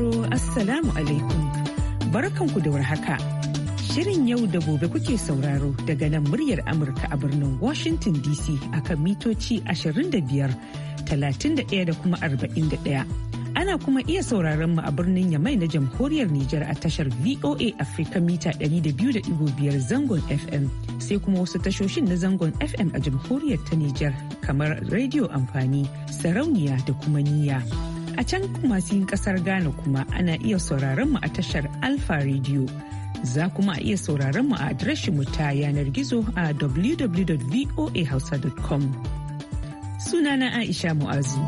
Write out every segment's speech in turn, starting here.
sauraro Assalamu alaikum. Barkanku da warhaka. Shirin yau da gobe kuke sauraro daga nan muryar Amurka a birnin Washington DC akan mitoci 25, 31 da kuma 41. Ana kuma iya sauraron mu a birnin Yamai na jamhuriyar Nijar a tashar VOA Africa mita 200.5 zangon FM sai kuma wasu tashoshin na zangon FM a jamhuriyar ta Nijar kamar Radio Amfani, Sarauniya da kuma Niyya. A can masu yin kasar Ghana kuma ana iya sauraron mu a tashar Alpha Radio. Za kuma a iya sauraron mu a adireshin mu ta yanar gizo a www.voahausa.com. Sunana Aisha Mu'azu.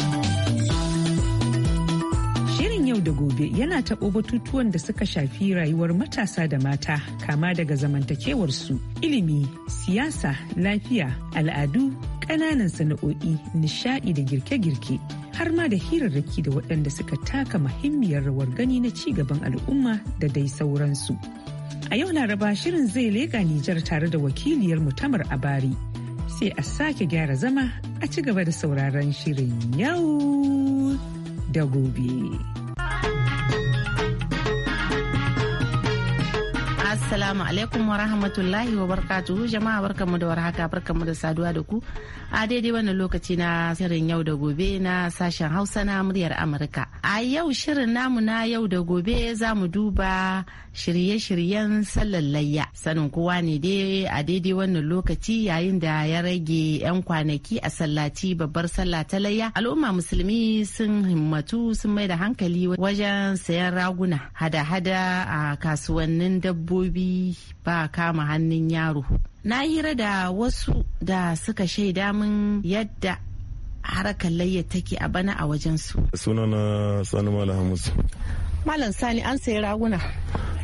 shirin yau da gobe yana taɓo batutuwan da suka shafi rayuwar matasa da mata kama daga zamantakewarsu ilimi siyasa lafiya al'adu ƙananan sana'o'i nishaɗi da girke-girke har ma da hirarraki da waɗanda suka taka muhimmiyar rawar gani na ci gaban al'umma da dai sauransu. A yau Laraba shirin zai leƙa Nijar tare da wakiliyar mutamar a bari Sai a sake gyara zama a ci gaba da sauraron shirin yau da gobe. assalamu alaikum wa rahmatullahi wa barkatu jama'a barkamu da warhaka barkamu da saduwa da ku a daidai wannan lokaci na shirin yau da gobe na sashen hausa na muryar amurka a yau shirin namu na yau da gobe za mu duba shirye-shiryen sallar layya sanin kowa ne dai a daidai wannan lokaci yayin da ya rage 'yan kwanaki a sallaci babbar sallah ta layya al'umma musulmi sun himmatu sun mai da hankali wajen sayan raguna hada-hada a kasuwannin dabbobi dabbobi ba kama hannun yaro na hira da wasu da suka shaida min yadda harkar layyar take a bana a wajensu sunana sani malam hamus malam sani an sayi raguna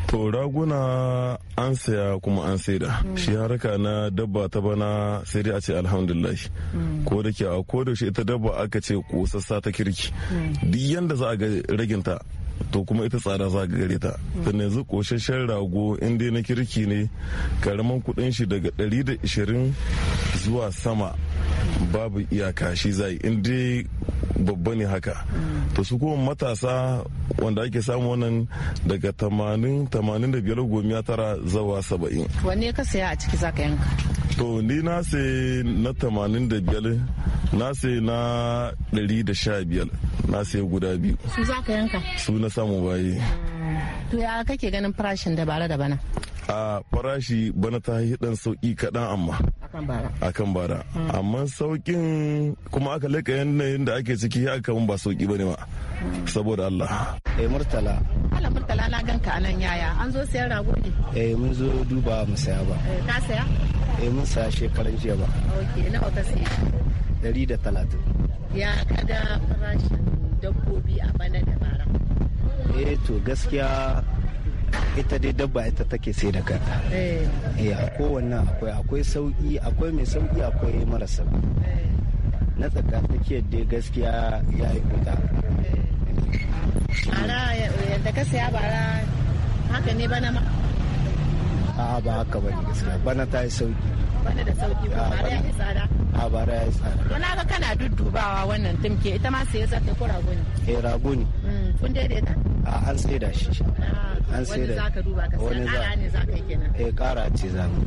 to raguna an saya kuma an saida mm. shi haraka na dabba ta bana sai dai a ce alhamdulillah mm. ko da ke a ko da ita dabba aka ce kosassa ta kirki mm. duk yanda za a ga raginta to kuma ita tsada za ka gare ta sannan yanzu koshashen rago in dai na kirki ne karamin kudin shi daga 120 zuwa sama babu iyaka shi zai in dai babba ne haka to su kuma matasa wanda ake samu wannan daga 80 85 gomiya tara zawa 70 wanne ka saya a ciki za ka yanka to ni na sai na 85 na sai na 115 na sai guda biyu su za ka yanka su na samu baye mm. to ya kake ganin farashin dabara da bana a farashi bana ta yi dan sauki kaɗan amma akan bara hmm. amma saukin kuma aka leka yanayin da ake ciki ya aka ba sauki bane ma saboda Allah eh murtala Allah murtala na ganka anan yaya an zo sayar rago ne eh mun zo duba mu saya ba eh, ka saya eh mun saya shekaran jiya ba okay nawa ka saya 130 ya kada farashin dabbobi a bana da bara eh to gaskiya ita dai dabba ita take sai da kanta eh, eh a kowanne akwai akwai sauki akwai mai sauki akwai mara sauki eh. na tsaka tsakiyar dai gaskiya ya yi kuta ara yadda ka saya bara haka ne bana ma a ba haka bane gaskiya bana ta yi sauki bana da sauki ba ba ya yi tsada a ba ya yi tsada wani ga kana duddubawa wannan tumke ita ma sai ya zata ko rago ne eh rago ne mm, kun daidaita an sai shi ah, an sai wani za ka kenan kara eh, ce za mu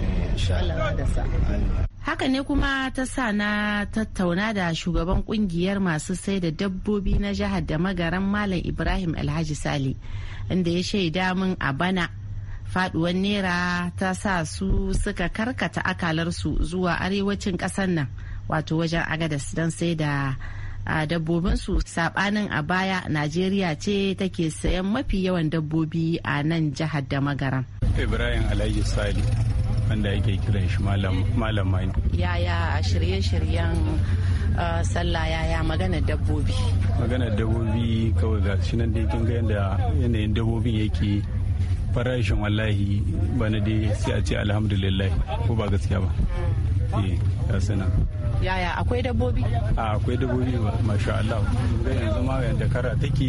eh, haka ne kuma ta sa na tattauna da shugaban kungiyar masu sai da dabbobi na jihar da magaran malam ibrahim alhaji sali inda ya shaida min a bana faduwar naira ta sa su suka karkata akalarsu zuwa arewacin kasar nan wato wajen agadas don sai da a dabbobinsu sabanin a baya najeriya ce take sayan mafi yawan dabbobi a nan jihar da magaran. ibrahim alhaji sali wanda yake kiran shi malam yaya shirye-shiryen uh, sallah yaya magana dabbobi magana dabbobi kawai ga shi nan dai ga yadda yanayin dabbobin yake farashin wallahi bana dai sai a ce alhamdulillah ko ba gaskiya ba eh ya suna yaya akwai dabbobi a akwai dabbobi masha Allah ga yanzu ma yanda kara take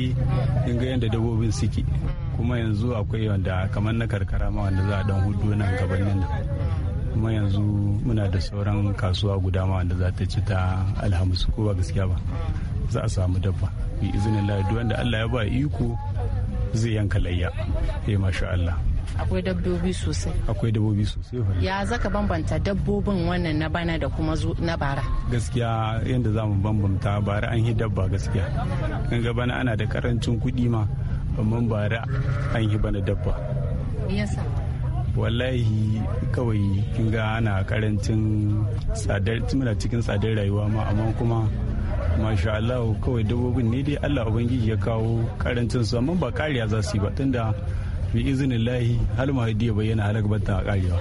in ga yanda dabbobin suke kuma yanzu akwai wanda kamar na karkara ma wanda za a dan hudu nan gaban nan kuma yanzu muna da sauran kasuwa guda ma wanda za ta ci ta alhamis ko ba gaskiya ba za a samu dabba bi izinin Allah duk wanda Allah ya ba iko zai yanka layya eh masha Allah akwai dabbobi sosai akwai dabbobi sosai ya zaka bambanta dabbobin wannan na bana da kuma na bara gaskiya yadda za mu bambanta bara an yi dabba gaskiya gaba bana ana da karancin kuɗi ma amma bara an yi bana dabba yasa wallahi kawai kin ga ana karancin tsadar muna cikin tsadar rayuwa ma amma kuma masha Allah kawai dabbobin ne dai Allah ubangiji ya kawo karancin su amma ba kariya za su yi ba tunda bi izinin lahi har ya bayyana halakbata a karewa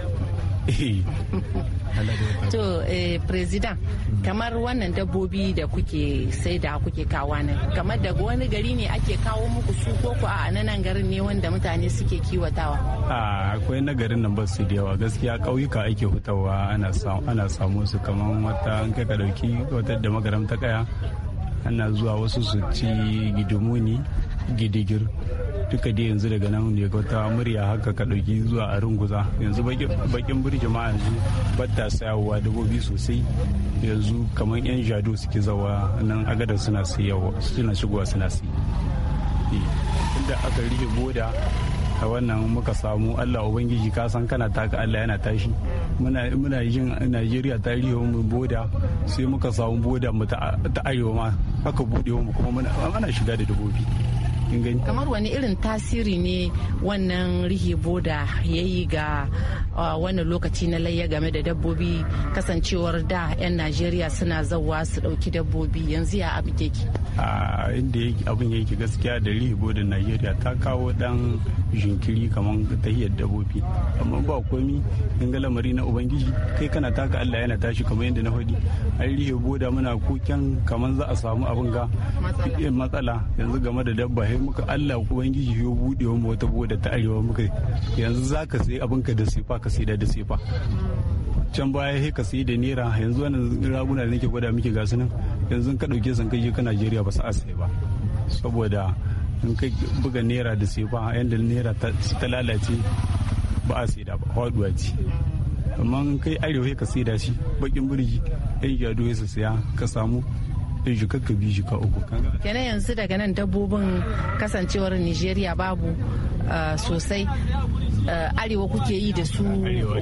to eh, president kamar wannan dabbobi da kuke sai da kuke kawa nan kamar daga wani gari ne ake kawo muku su ko ku a nan garin ne wanda mutane suke kiwatawa a akwai na garin nan ba su da yawa gaskiya kauyuka ake hutawa ana samu su kamar wata an ka dauki wata da magaram ta kaya ana zuwa wasu su ci gidumuni gidigir duka da yanzu daga nan ne ta murya haka ka ɗauki zuwa a runguza yanzu bakin birji ma yanzu batta sayawa dabobi sosai yanzu kamar yan jado suke zawa nan agadar suna suna shigowa suna siyi eh, inda aka rike boda a wannan muka samu allah ubangiji ka san kana taka allah yana tashi muna yin najeriya ta mu boda sai muka samu boda mu ta arewa ma aka buɗe mu kuma muna shiga da dabobi kamar wani irin tasiri ne wannan rihi boda ya yi ga wannan lokaci na layya game da dabbobi kasancewar da 'yan najeriya suna zawa su dauki dabbobi yanzu ya abu keke a inda abin yake gaskiya da rihi boda najeriya ta kawo dan jinkiri kamar tahiyar dabbobi amma ba komi in ga lamari na ubangiji kai kana taka allah yana tashi kamar yadda na faɗi an rihe boda muna koken kamar za a samu abin ga matsala eh, yanzu game da dabba muka Allah ubangiji ya bude wa wata boda ta arewa muka yanzu za ka sai ka da sifa ka sai da sifa can baya sai ka sai da naira yanzu wannan raguna da nake gwada miki gasu nan yanzu ka dauke san kai ka Najeriya ba sa sai ba saboda in ka buga naira da sifa ba yanda naira ta lalace ba a sai da ba faduwa ce amma kai arewa ka sai da shi bakin birji yan gado ya saya ka samu bin shi kakka bi shi ka uku. kenan yanzu daga nan dabbobin kasancewar nigeria babu uh, sosai uh, arewa kuke yi da su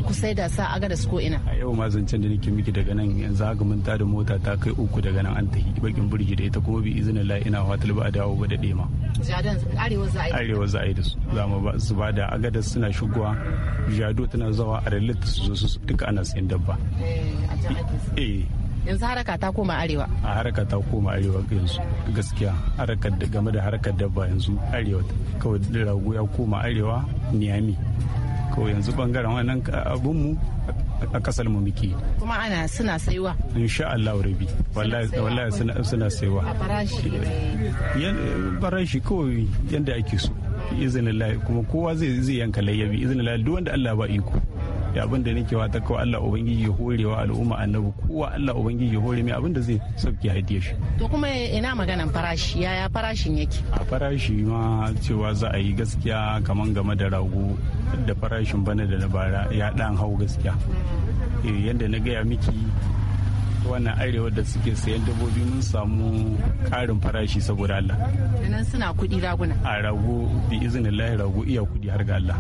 kusai da sa aga da su ko ina. a yau ma da nake miki daga nan yanzu haka mun da mota ta kai uku daga nan an tafi bakin burji da ita kuma bi izinin la ina fatal ba a dawo ba da ɗema. arewa za a yi da su za mu ba su ba da suna shigowa jado tana zawa a rallita su zo su duka ana sayan dabba. eh yanzu haraka ta koma arewa a haraka ta koma arewa yanzu gaskiya harakar da game da harkar dabba yanzu arewa kawai rago ya koma arewa niyami kawai yanzu bangaren wannan abinmu a kasar mu muke kuma ana suna saiwa insha Allah rabi wallahi suna saiwa farashi kawai yadda ake so izinin kuma kowa zai yanka layyabi izinin duk wanda Allah ba iko ya abin da nake wata kawai Allah ubangiji ya horewa al'umma annabi kowa Allah ubangiji ya hore mai abin da zai sauke hadiye shi to kuma ina maganan farashi yaya farashin yake a farashi ma cewa za a yi gaskiya kaman game da rago da farashin bana da labara ya dan hau gaskiya eh, yadda na gaya miki wannan arewa da suke sayan dabbobi mun samu karin farashi saboda Allah nan suna kuɗi raguna a rago bi iznillahi rago iya kuɗi har ga Allah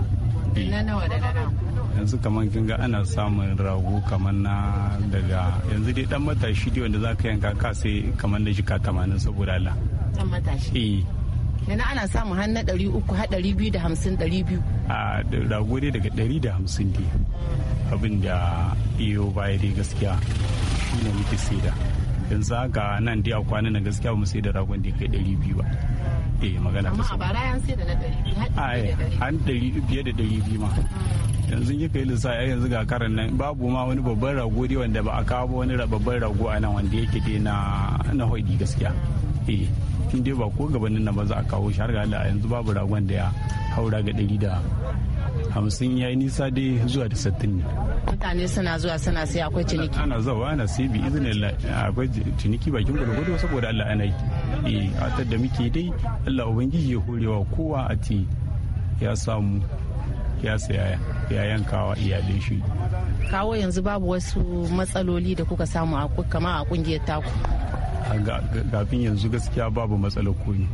na nawa da yanzu kamar kin ga ana samun rago kamar na daga yanzu dai dan matashi dai wanda zaka yanka ka sai kamar na jika 80 saboda Allah dan matashi eh yana ana samun har na 300 har 250 200 a rago dai daga 150 dai abin da iyo baya dai gaskiya shine muke saida yanzu haka nan dai a kwanan na gaskiya ba mu saida ragon da kai ɗari biyu ba eh magana ta sama amma a na ɗari biyu an ah, ɗari eh, fiye da ɗari biyu ma yanzu yi kai lissafi yanzu ga karan nan babu ma wani babban rago dai wanda ba a kawo wani babban rago a nan wanda yake dai na na hoidi gaskiya eh tun dai ba ko gabanin nan ba za a kawo shi har ga Allah yanzu babu ragon da ya haura ga ɗari da hamsin ya yi nisa dai zuwa da sattin ne. mutane suna zuwa suna sai akwai ciniki ana zawa ana sai bi akwai ciniki bakin gwargwado saboda Allah ana yi eh, a da muke dai Allah ubangiji ya horewa kowa a ti ya samu ya saya ya yankawa iyalin shi kawo yanzu babu wasu matsaloli da kuka samu kama a kungiyar taku kafin yanzu gaskiya babu matsalar koyi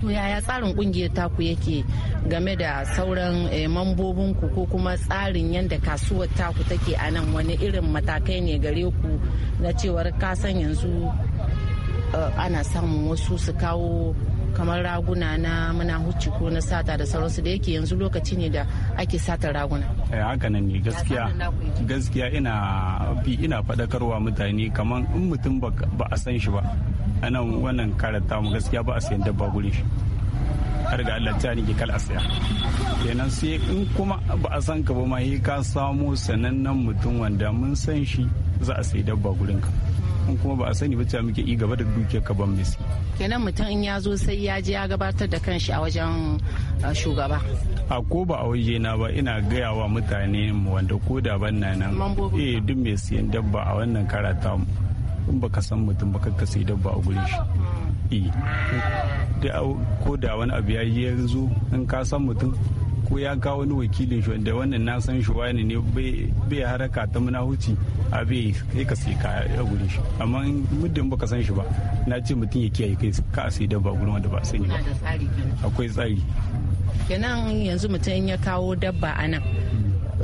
to yaya tsarin kungiyar taku yake game da sauran eh, mambobin ku ko kuma tsarin yadda kasuwar taku take a nan wani irin matakai ne gare ku na cewar kasan yanzu eh, ana samun wasu su kawo kamar raguna na muna huci ko na sata da sauransu da yake yanzu lokaci ne da ake sata raguna. Eh, haka nan ne gaskiya gaskiya ina bi ina faɗakarwa mutane kamar in mutum ba a san shi ba ana wannan karanta mu gaskiya ba a sayan dabba gure shi har ga Allah ta ni kal a saya kenan sai in kuma ba a san ka ba ma ka samu sanannen mutum wanda mun san shi za a sayi dabba gurin ka in kuma ba a sani ba ta muke yi gaba da duke ka ban misi kenan mutum in ya zo sai ya je ya gabatar da kanshi a wajen shugaba a ko ba a waje na ba ina gaya wa mutane wanda ko da ban nan eh duk mai sayan dabba a wannan karata mu in baka san mutum baka ka sai dabba a gurin shi eh, ko da wani abu ya yi yanzu in ka san mutum ko ya kawo wani wakilin shi da wannan na san shi wani ne bai haraka ta munahuci a bai sai ka sai kaya a gurin shi amma muddin baka san shi ba na ce mutum ya kiyaye kai ka sai dabba a gurin wanda ba sani ba akwai tsari kenan yanzu mutum ya kawo dabba a nan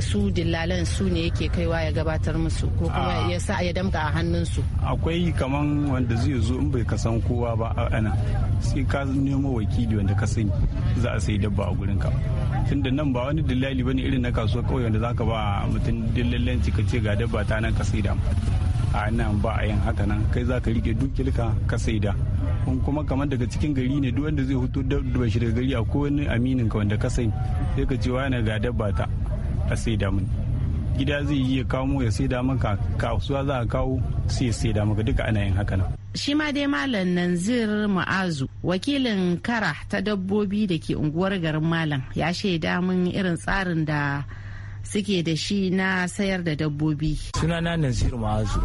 su dillalan su ne yake kaiwa ya gabatar musu ko kuma ah. ya sa ya damka a hannunsu akwai kaman wanda zai zo in bai kasan kowa ba a ana sai ka nemo wakili wanda ka sani za a sai dabba a gurin ka tunda nan ba wani dillali bane irin na kasuwa kawai wanda zaka ba mutum dillalanci ka ce ga dabba ta nan ka da a nan ba a yin haka nan kai zaka rike dukilka ka da kun kuma kamar daga cikin gari ne duk wanda zai hutu da shi daga gari a wani aminin ka wanda ka sani sai ka ce wani ga dabba ta a da mun gida zai yi ya kawo ya da maka kasuwa za a kawo sai ya da maka duka ana yin haka nan shi ma dai malam nanzir ma'azu wakilin kara ta dabbobi da ke unguwar garin malam ya shaida min irin tsarin da suke da shi na sayar da dabbobi. Sunana nanzir Ma'azu,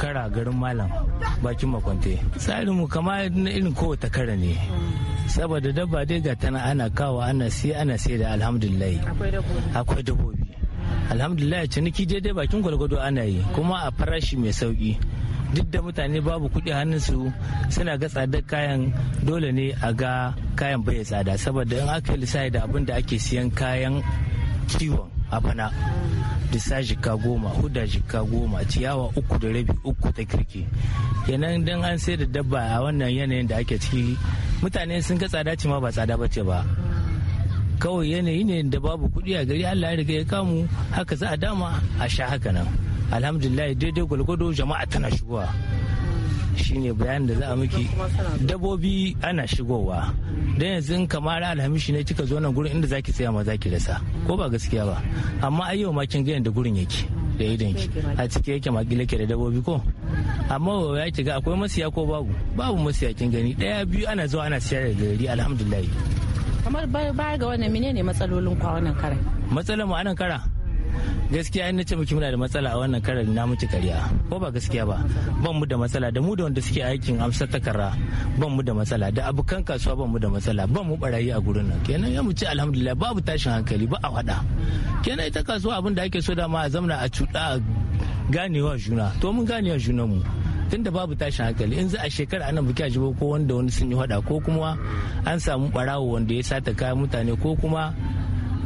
kara garin Malam, bakin makwante. Tsarinmu kama irin kowata kara ne. saboda dabba dai ga tana ana kawo ana sai ana sai da alhamdulillah akwai dabbobi alhamdulillah ciniki daidai bakin gwalgwado ana yi kuma a farashi mai sauki duk da mutane babu kuɗi hannunsu suna ga tsadar kayan dole ne a ga kayan bai tsada saboda in aka lissafi da abin da ake siyan kayan kiwon a bana disa jika goma huda jika goma ciyawa uku da rabi uku ta kirki kenan don an sai da dabba a wannan yanayin da ake ciki mutane sun ga tsada ce ma ba tsada ba ce ba kawai yanayi ne da babu kuɗi a gari allah ya riga ya kamu haka za a dama a sha haka nan alhamdulillah daidai gwalgwado jama'a tana shigowa shine bayan da za a miki dabobi ana shigowa don yanzu kamar alhamishi ne kika zo nan gurin inda zaki tsaya ma zaki rasa ko ba gaskiya ba amma ayyau ma kin ga yadda gurin yake da idan a ciki yake ma gile da dabobi ko amma ba ya ga akwai masiya ko babu babu masiya kin gani daya biyu ana zuwa ana siyar da gari alhamdulillah kamar baya ga wannan menene matsalolin kwa wannan karan matsalar mu anan kara gaskiya in nace miki muna da matsala a wannan karar na miki kariya ko ba gaskiya ba ban mu da matsala da mu da wanda suke aikin amsar takara ban mu da matsala da abokan kasuwa ban mu da matsala ban mu barayi a gurin nan kenan ya mu alhamdulillah babu tashin hankali ba a wada kenan ita kasuwa abin da ake so da ma a zamna a cuda. ganewa juna to mun ganewa junan mu tunda babu tashin hankali in za a shekara ana buki a jibo ko wanda wani sun yi hada ko kuma an samu barawo wanda ya sata kayan mutane ko kuma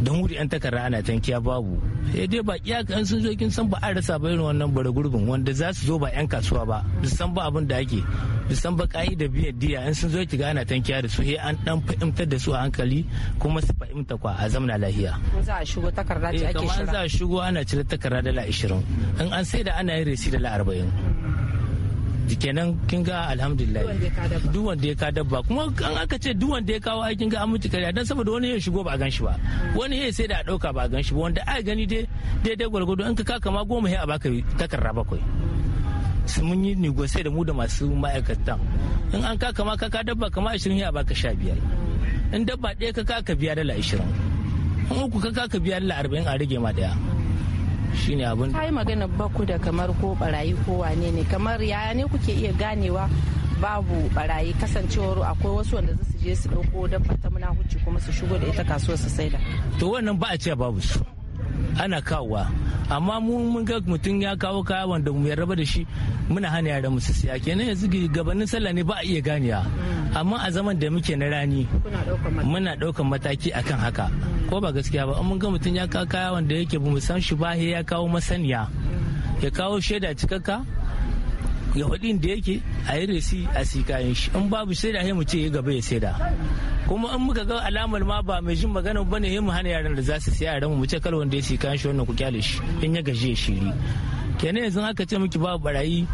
don wuri 'yan takarda ana tankiya babu sai eh, dai ba iyakan sun zo kin san ba an rasa ba irin wannan bara gurbin wanda za su zo ba 'yan kasuwa ba su san ba abin da ake da san ba da biyar diya in sun zo kiga ana tankiya da su sai an dan fahimtar da su a hankali kuma su fahimta kwa a zamna lahiya za a shigo takarda ce eh, ake shira kamar za a shigo ana cire takarda dala 20 in an sai da ana yin resi dala 40 kenan kin ga alhamdulillah duk wanda ya ka dabba kuma an aka ce duk wanda ya kawo aikin ga an mutu kariya dan saboda wani ya shigo ba a gan shi ba wani ya sai da a dauka ba a gan shi ba wanda ai gani dai daidai gwargwado an ka kaka ma goma ya a baka takarda bakwai mun yi negosai da mu da masu ma'aikatan in an kaka ma ka dabba kama ashirin ya baka sha biyar in dabba ɗaya ka kaka biya dala ashirin in uku ka kaka biya dala arba'in a rage ma daya. shine abin ta yi magana baku da kamar ko barayi ko wane ne kamar yaya ne kuke iya ganewa babu barayi kasancewar akwai wasu wanda su je su dauko dabba ta muna huci kuma su shigo da ita kasuwar su saida to wannan ba a ce babu su ana kawowa amma mu mun ga mutum ya kawo kaya wanda mu raba da shi muna hana yaran mu su siya kenan yanzu gabanin sallah ne ba a iya ganiya amma a zaman da muke na rani muna ɗaukan mataki akan haka ko ba gaskiya ba mun ga mutum ya kawo kaya wanda yake bu mu san shi ba ya kawo masaniya ya kawo shaida cikakka ya faɗi da yake a yi resi a si kayan shi in babu sai da mu ce ya gaba ya saida kuma in muka ga alamar ma ba mai jin magana bane ya mu hana yaran da za su siya yaran mu ce kal wanda ya si kayan shi wannan ku kyale shi in ya gaji ya shiri kenan yanzu haka ce miki babu barayi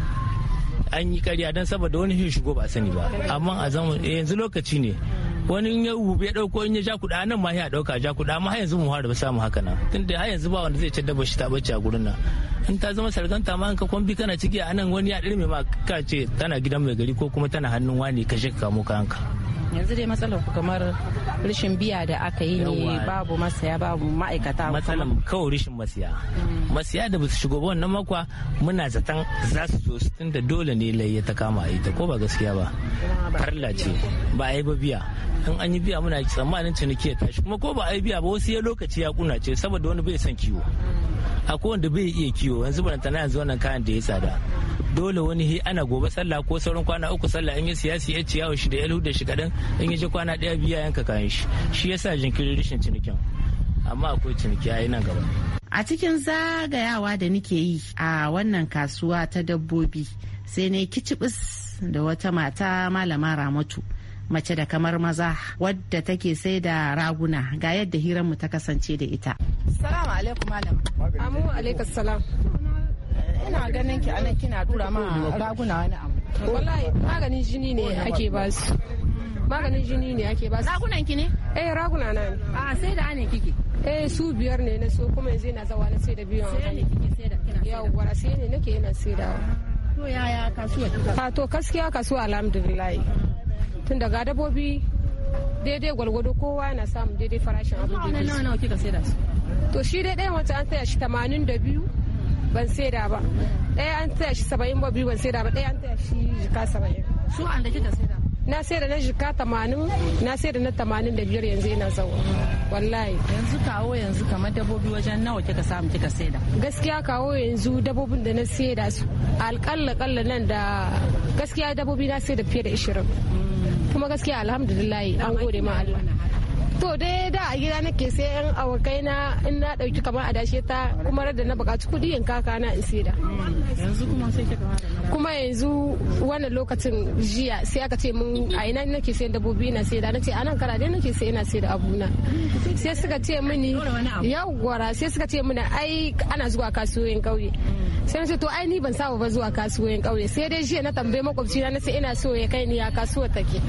an yi karya don saboda wani shi shigo ba sani ba amma a yanzu lokaci ne wani ya ya dauko in ya ja kuɗa nan ma ya dauka ja kuɗa amma har yanzu mu fara ba samu haka nan tunda har yanzu ba wanda zai ce dabba shi ta bace a gurin nan in ta zama sarganta ma ka kwambi kana ciki a nan wani ya dirme ma ka ce tana gidan mai gari ko kuma tana hannun wani ka shi ka kamo kanka yanzu dai matsalar ku kamar rashin biya da aka yi ne babu masaya babu ma'aikata matsalar kawai rashin masaya masaya mm. da ba su shigo ba wannan makwa muna zaton za su zo su tunda dole ne layya ta kama a ita ko ba gaskiya ba farla ce ba a yi ba biya in an yi biya muna tsammanin ciniki ya tashi kuma ko ba a yi biya ba wasu ya lokaci ya kuna ce saboda wani bai son kiwo akwai wanda bai iya kiwo yanzu barantana yanzu wannan kayan da ya tsada dole wani ana gobe sallah ko sauran kwana uku sallah an yi siyasi ya ciyawa shi da ya da shi kadan in yaje kwana daya biya yanka kayan shi shi yasa jinkirin rashin cinikin amma akwai ciniki a nan gaba a cikin zagayawa da nike yi a wannan kasuwa ta dabbobi sai ne kicibis da wata mata malama ramatu mace da kamar maza wadda take sai da raguna ga yadda hiranmu ta kasance da ita. Salamu alaikum malama Amu alaikum salam. Ina ganin ki ana kina dura ma raguna wani abu. Wallahi maganin jini ne ake ba su. maganin jini ne ake ba su ragunan ki ne eh raguna na ne a sai da ne kike eh su biyar ne na so kuma yanzu na zawa na sai da biyan sai ne kike sai da kina gwara sai ne nake yana sai da to yaya kasuwa ta to gaskiya kasuwa alhamdulillah tun daga dabobi daidai gwalgwado kowa na samun daidai farashin abu da nawa nawa kika da su to shi dai ɗaya wata an taya shi tamanin da biyu ban sai da ba ɗaya an taya shi saba'in ba biyu ban sai da ba ɗaya an taya shi jika saba'in su an da kika da. na sai da na shika tamanin na sai da na tamanin da biyar yanzu yana zawa wallahi yanzu kawo yanzu kamar dabobi wajen nawa kika samu kika da gaskiya kawo yanzu dabobin da na da su alƙalla ƙalla nan da gaskiya dabobi na da fiye da ishirin kuma gaskiya alhamdulillah an gode ma Allah to dai da a gida nake sai yan awakai na in na dauki kamar adashe ta kuma da na bukaci kudi in kaka na in da. yanzu kuma sai kika kuma yanzu wannan lokacin jiya sai aka ce mun a ina nake sayan dabbobi na sai da nace anan kara dai nake sai ina sai da abuna sai suka ce mini gwara sai suka ce mini ai ana zuwa kasuwoyin kauye sai nace to ai ni ban saba ba zuwa kasuwoyin kauye sai dai jiya na tambaye makwabci na nace ina so ya kai ni ya kasuwa take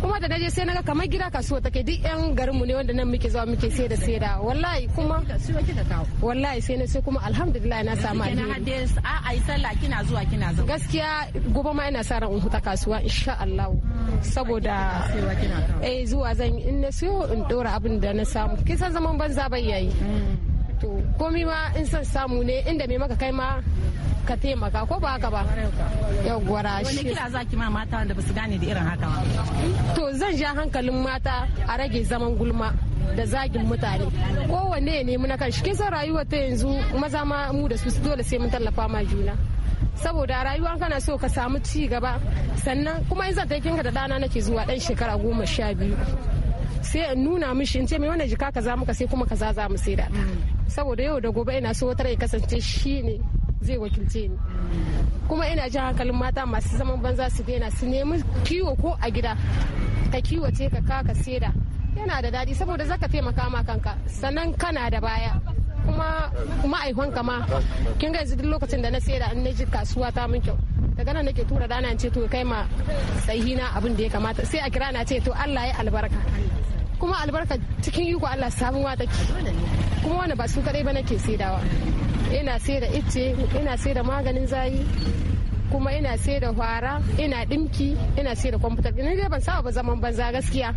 kuma da naje sai naga kamar gida kasuwa take duk yan garin mu ne wanda nan muke zuwa muke sai da sai da wallahi kuma wallahi sai na sai kuma alhamdulillah na samu alheri ai sallah kina zuwa kina zuwa gaskiya gobe ma ina sa ran in huta kasuwa insha Allah saboda eh zuwa zan in na siyo in dora abin da na samu kisan zaman banza bai yayi to komi ma in san samu ne inda me maka kai ma ka taimaka ko ba haka ba yau gwara shi wani kira zaki ma mata ba su gane da irin haka ba to zan ja hankalin mata a rage zaman gulma da zagin mutane kowanne ya nemi na kan shi kin rayuwa ta yanzu maza ma mu da su dole sai mun tallafa ma juna saboda rayuwa kana so ka samu ci gaba sannan kuma in zan ta kinka da dana nake zuwa dan shekara goma sha biyu sai in nuna mishi in ce mai wannan jika ka kaza muka sai kuma ka za mu sai da saboda yau da gobe ina so wata rai kasance shi ne zai wakilce ni kuma ina jin hankalin mata masu zaman banza su daina su nemi kiwo ko a gida ka kiwace ka ka ka da yana da daɗi saboda zaka taimaka ma kanka sannan kana da baya kuma kuma aihon kama kin ga yanzu duk lokacin da na saida in na ji kasuwa ta min kyau daga nan nake tura dana ce to kai ma sai na abin da ya kamata sai a kira na ce to Allah ya albarka kuma albarka cikin iko Allah sabuwa wata ke kuma wani ba su kadai ba nake saidawa ina saida ice ina saida maganin zayi kuma ina sai da fara ina dimki ina sai da kwamfuta dai ban saba ba zaman banza gaskiya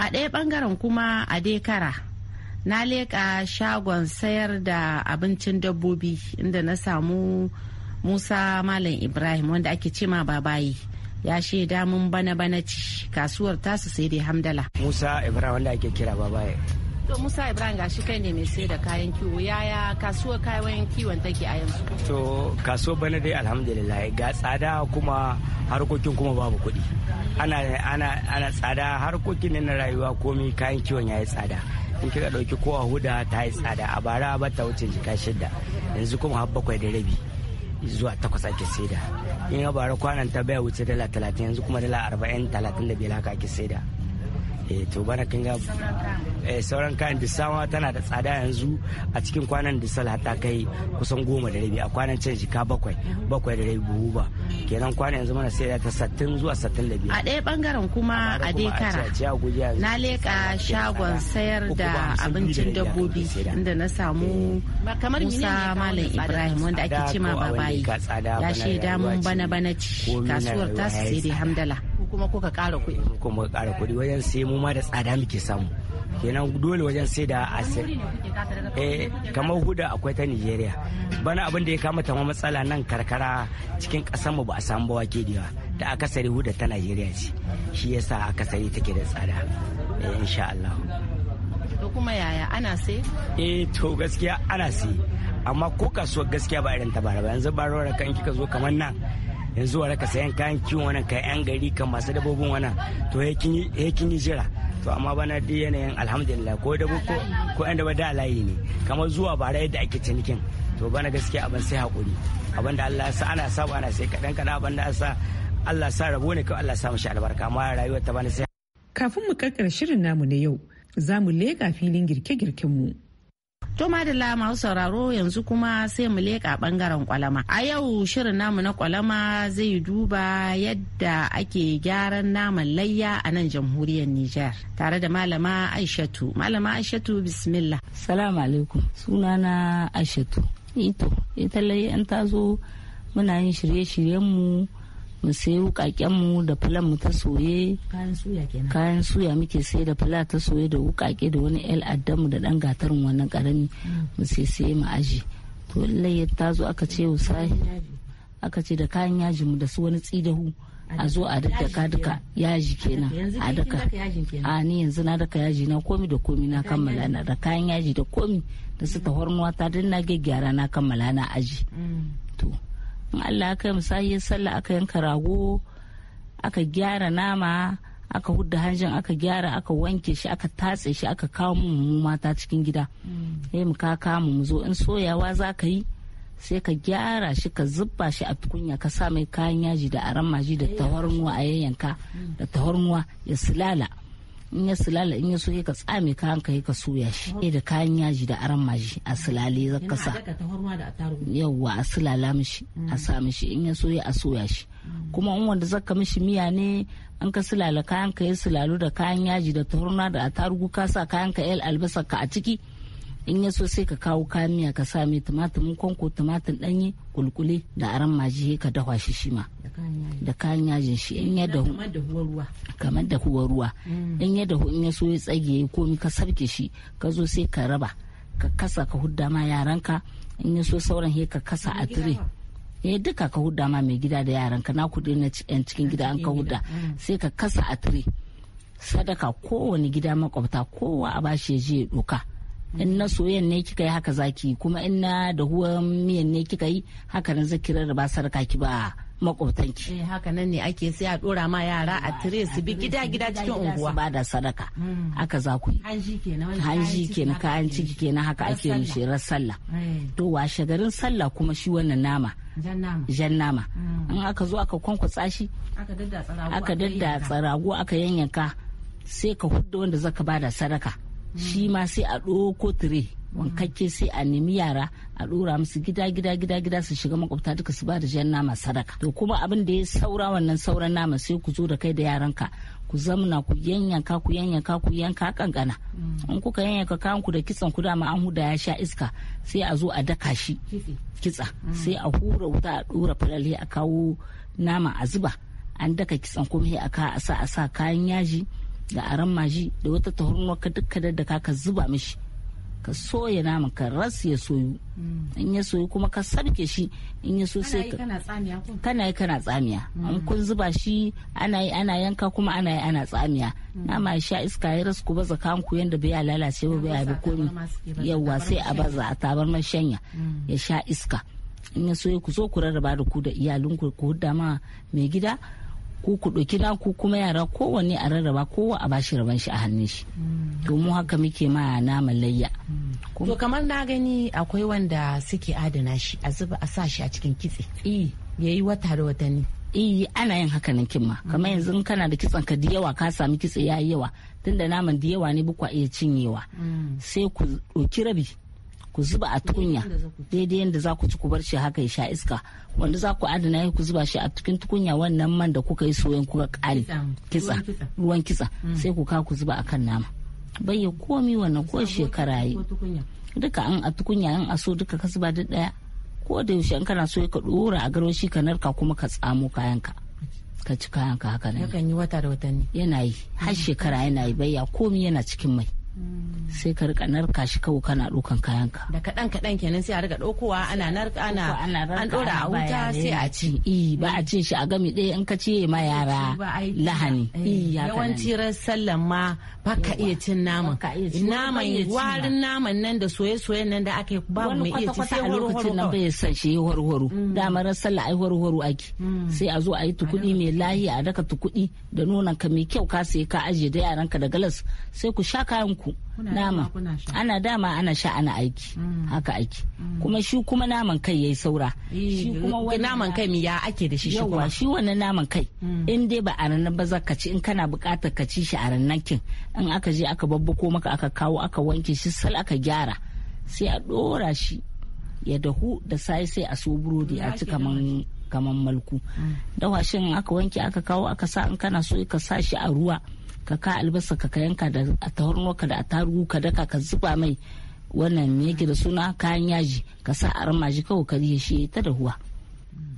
a ɗaya bangaren kuma a dai kara na leƙa shagon sayar da abincin dabbobi inda na samu musa malam ibrahim wanda ake ma babayi ya shaida mun bana bana ci kasuwar tasu sai dai hamdala musa ibrahim wanda ake kira babaye to musa ibrahim shi kai ne mai sai da kayan kiwo yaya kasuwar kayan kiwon take a yanzu to kasuwar bana dai alhamdulillah ga tsada kuma harkokin kuma babu kuɗi ana ana ana tsada harkokin na rayuwa komai kayan kiwon yayi tsada in kika ɗauki kowa huda ta yi tsada a bara ba ta wuce jika shida yanzu kuma har bakwai da rabi zuwa takwas ake saida in ya bara kwanan ta baya wuce dala talatin yanzu kuma dala arba'in talatin da biyar haka ake saida eh, to bana kin ga Eh, sauran kayan disawa tana da tsada yanzu a cikin kwanan disal hatta kai kusan goma da rabi a kwanan can jika bakwai bakwai da rabi buhu ba kenan kwanan yanzu mana sai ta sattin zuwa sattin da biyu a ɗaya bangaren kuma a dekara na leƙa shagon sayar da abincin dabbobi inda na samu musa malam ibrahim wanda ake ma babayi ya shaida mun bana bana ci kasuwar tasu sai dai hamdala kuma kuka kara kuɗi kuma kara kuɗi wajen sai mu ma da tsada muke samu kenan dole wajen sai da asir eh kamar huda akwai ta nigeria bana abin da ya kama ta matsala nan karkara cikin kasar mu ba a samu ba wake da da akasari huda ta nigeria ce shi yasa akasari take da tsada eh, insha Allah to kuma yaya ana sai eh to gaskiya ana sai amma ko kasuwar gaskiya ba irin ta ba yanzu rawar kan kika zo kamar nan yanzu wa ka sayan kayan kiwon wannan kayan gari kan masu dabbobin wannan to ya yakin jira to amma bana da yanayin alhamdulillah ko da ko ko inda ba da layi ne kamar zuwa bara yadda ake cinikin to bana gaskiya abin sai hakuri abin da Allah sa ana sabu ana sai kadan kadan abin da sa Allah sa rabo ne kawai Allah sa mishi albarka amma rayuwar ta bana sai kafin mu karkar shirin namu na yau za mu leka filin girke-girkenmu. mu To madalla masu sauraro yanzu kuma sai mu leka bangaren kwalama. A yau shirin namu na kwalama zai duba yadda ake gyaran naman layya a nan jamhuriyar Nijar. Tare da malama Aishatu. Malama Aishatu bismillah. Salamu alaikum. Sunana Aishatu. Ito, ita layya an tazo muna yin shirye-shiryenmu mu mu sai wukaken mu da filan mu ta soye kayan suya kenan kayan suya muke sai da fila ta soye da wukake da wani el mu da dan gatarin wannan karami mm. mu sai sai mu aji to lallai ta zo aka ce usai aka ce da kayan yaji mu da su wani tsidahu a zo a ka duka yaji kenan a daka a ni yanzu na daka yaji na komi da komi na kammala na da kayan yaji da komi da su mm. ta hormuwa ta dinna gyaggyara na kammala na aji mm. to in allah aka yi misali sallah aka yanka rago aka gyara nama aka hudda hanjin aka gyara aka wanke shi aka tatse shi aka kawo mu mata cikin gida sai mu kaka mu zo in soyawa za ka yi sai ka gyara shi ka zubba shi a tukunya ka sa mai kayan yaji da aran maji da tawarnuwa a yayyanka da tawarnuwa ya silala in ya sulala in ya so ka tsame ka hanka ka soya shi da kayan yaji da aran maji a sulale zaka sa yawwa a sulala mishi a mm. sa mishi in ya so a soya shi mm. kuma in wanda zaka mishi miya ne an ka sulala kayan ka ya sulalu da kayan yaji da tafarnuwa da atarugu ka sa kayan ka el albasa ka a ciki in ya so sai ka kawo kamiya miya ka sa mai mun kwanko tumatir ɗanye kulkule da aran maji ka dafa shi shi ma da kayan yajin shi in ya dahu kamar da huwa ruwa mm. in ya dahu in ya so ya tsage ya komi ka sabke shi ka zo sai ka raba ka kasa ka hudda ma yaranka in ya so sauran he ka kasa a tire eh duka ka hudda ma mai gida da yaranka na kudi na cikin gida an ka hudda mm. sai ka kasa a tire sadaka kowane gida makwabta kowa a bashi ya je ya doka in na soyayyen ne kika yi haka zaki kuma in na dahuwan miyan ne kika yi haka nan zaki ba sarka ki ba makwabtanki. Eh haka nan ne ake sai a dora ma yara a tire su bi gida gida cikin unguwa. Ba da sadaka. Haka za ku yi. Hanji kenan. Hanji kenan kayan ciki kenan haka ake yin ran sallah. Eh. To washe garin sallah kuma shi wannan nama. Jan nama. Mm. In aka zo aka kwankwatsa shi. Aka daddatsa rago aka yanyanka. Sai ka hudda wanda zaka bada sadaka. shi ma sai a ɗoko tire wankakke sai a nemi yara a ɗora musu gida gida gida gida su shiga makwabta duka su ba da jiyan nama sadaka to kuma abin da ya saura wannan sauran nama sai ku zo da kai da yaranka ku zamna ku yanyanka ku yanyanka ku yanka kankana mm. in kuka yanyanka kayan ku da kitsan ku da ma an huda ya sha iska sai a zo a daka shi kitsa mm. sai a hura wuta a ɗora falale a kawo nama a zuba an daka kitsan kuma a ka a sa a sa kayan yaji da aran maji da wata tahurnuwa ka da da ka zuba mishi ka soya naman ka ras ya soyu mm. in ya soyu kuma ka sarke shi in ya so sai kana yi kana tsamiya an mm. kun zuba shi ana yi ana yanka kuma ana yi ana tsamiya mm. nama sha iska ya rasu ku baza kan ku yanda bai ya lalace ba bai abi komi yawa sai a baza a tabar man shanya ya sha iska in ya soyu ku zo ku rarraba da ku da iyalinku ku hudda ma mai gida Ko ku ɗauki naku kuma yara kowanne a rarraba kowa a bashi rabon shi a hannun shi mm. to mu haka muke ma naman layya mm. to kamar na gani akwai wanda suke adana shi a zuba a sa shi a cikin kitse eh. yayi wata da watanni eh ana yin haka nan kin ma mm. kamar yanzu kana da kitsan ka diyawa ka sami kitse yayi yawa tunda naman diyawa ne bukwa iya cinyewa sai ku ɗauki rabi ku zuba a tukunya daidai yadda za ku ci ku bar shi haka ya sha iska wanda za ku adana ya ku zuba shi a cikin tukunya wannan man da kuka yi soyan kuka kare kitsa ruwan kitsa mm. sai ku ka ku zuba akan nama bayya komi wannan ko shekara yi duka an a tukunya an a so duka ka zuba duk daya ko da yaushe an kana so ka dora a shi ka narka kuma ka tsamo kayanka ka ci kayanka haka ne yakan yi wata da watanni yana yi har shekara yana yi bayya komi yana cikin mai sai ka rika narka shi kawo kana dukan kayanka da kadan kadan kenan sai a rika dokowa ana narka ana an dora a wuta sai a ci eh ba a cin shi a gami ɗaya in ka ce ma yara lahani eh, yawanci ran sallan ma ba ka iya cin naman naman warin naman nan da soye-soyen nan da aka yi ba mu iya ci sai a lokacin nan bai san shi warwaro ma mm. ran sallah ai warwaro ake mm. sai a zo a yi tukudi mai lahiya a daka tukudi da nonan ka mai kyau ka sai ka ajiye da yaranka da galas sai ku sha kayan ku uku nama ana dama ana sha ana aiki mm. haka aiki mm. kuma shi kuma naman kai yayi saura eh, shi kuma wani naman kai ya ake da shi shi kuma shi wannan naman kai mm. in dai ba a ranar ba zaka ci in kana bukatar ka ci shi a ranar kin in aka je aka babbako maka aka kawo aka wanke shi sal aka gyara sai a dora shi ya dahu da sai sai a so burodi a ci kaman kaman malku dawashin aka wanke aka kawo aka sa in kana so ka sa shi a ruwa ka ka albasa ka ka yanka da tawarnuwa ka da a tarugu ka daka ka zuba mai wannan me yake da suna kayan yaji ka sa a ramaji kawai ka riye shi ta da huwa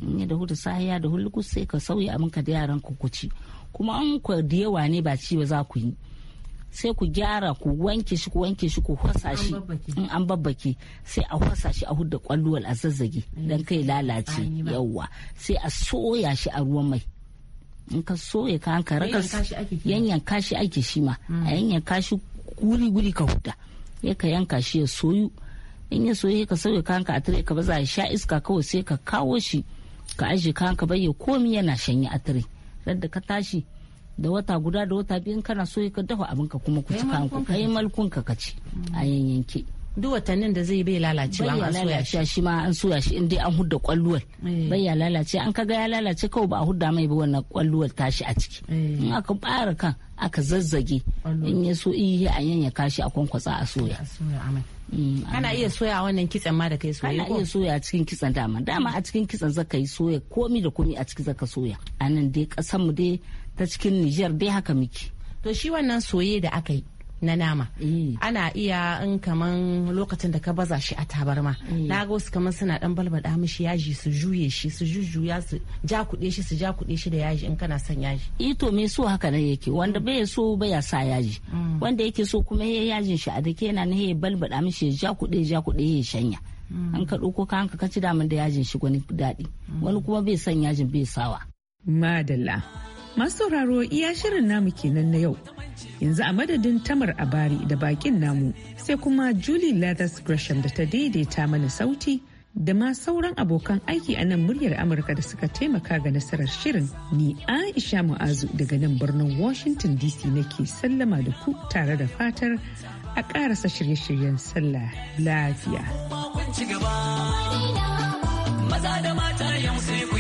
in ya dahu da sahiya da hulku sai ka sauya aminka da yaran ku kuci kuma an ku da yawa ne ba ci ba za ku yi sai ku gyara ku wanke shi ku wanke shi ku hwasa shi in an babbake sai a hwasa shi a hudda kwalluwal a zazzage dan kai lalace yawwa sai a soya shi a ruwan mai in ka so ya ka an raka yanyanka shi ake shi ma a hmm. yanyanka shi guri guri ka huta ya ka yanka shi ya soyu in ya soyu ka sauya kanka a tare ka baza ya sha iska kawai sai ka kawo shi ka aje kanka bai ya komi yana shanye a tare da ka tashi da wata guda da wata biyu kana so ka dafa abinka kuma ku ci kanku kai malkun ka ci a hmm. yanyanke duk watannin da zai bai lalacewa an soya shi shi ma an soya shi in dai an hudda kwalluwar eh. bai ya lalace an kaga ya lalace kawai ba a hudda mai ba wannan kwalluwar tashi a ciki eh. in aka bara kan aka zazzage in ya so iya a yanya kashi a kwankwasa a soya mm, ana iya soya wannan kitsen ma da kai soya ana iya soya a cikin kitsen dama dama a cikin kitsen zaka yi soya komi da komi a ciki zaka soya anan dai kasan mu dai ta cikin Nijar dai haka miki to shi wannan soye da aka yi na nama eh. ana iya in kaman lokacin da ka baza shi a tabarma eh. na ga wasu kaman suna dan balbada mishi yaji su juye shi su jujjuya su ja kuɗe shi su ja kuɗe shi da yaji in kana son yaji ito eh me so haka nan yake wanda bai so baya sa yaji mm. wanda yake so kuma ya yajin shi a dake yana na ya balbada mishi ya ja kuɗe ja kuɗe ya shanya mm. an ka ɗauko ka hanka ka ci daman da yajin shi wani daɗi mm. wani kuma bai son yajin bai sawa madalla Masu sauraro iya shirin namu kenan na yau. Yanzu a madadin tamar abari da bakin namu sai kuma Julie Lathers Gresham da ta daidaita mana sauti da ma sauran abokan aiki a nan muryar Amurka da suka taimaka ga nasarar shirin. Ni Aisha Mu'azu daga nan birnin Washington DC nake sallama da ku tare da fatar a ƙarasa shirye-shiryen sallah lafiya. Maza da mata yau sai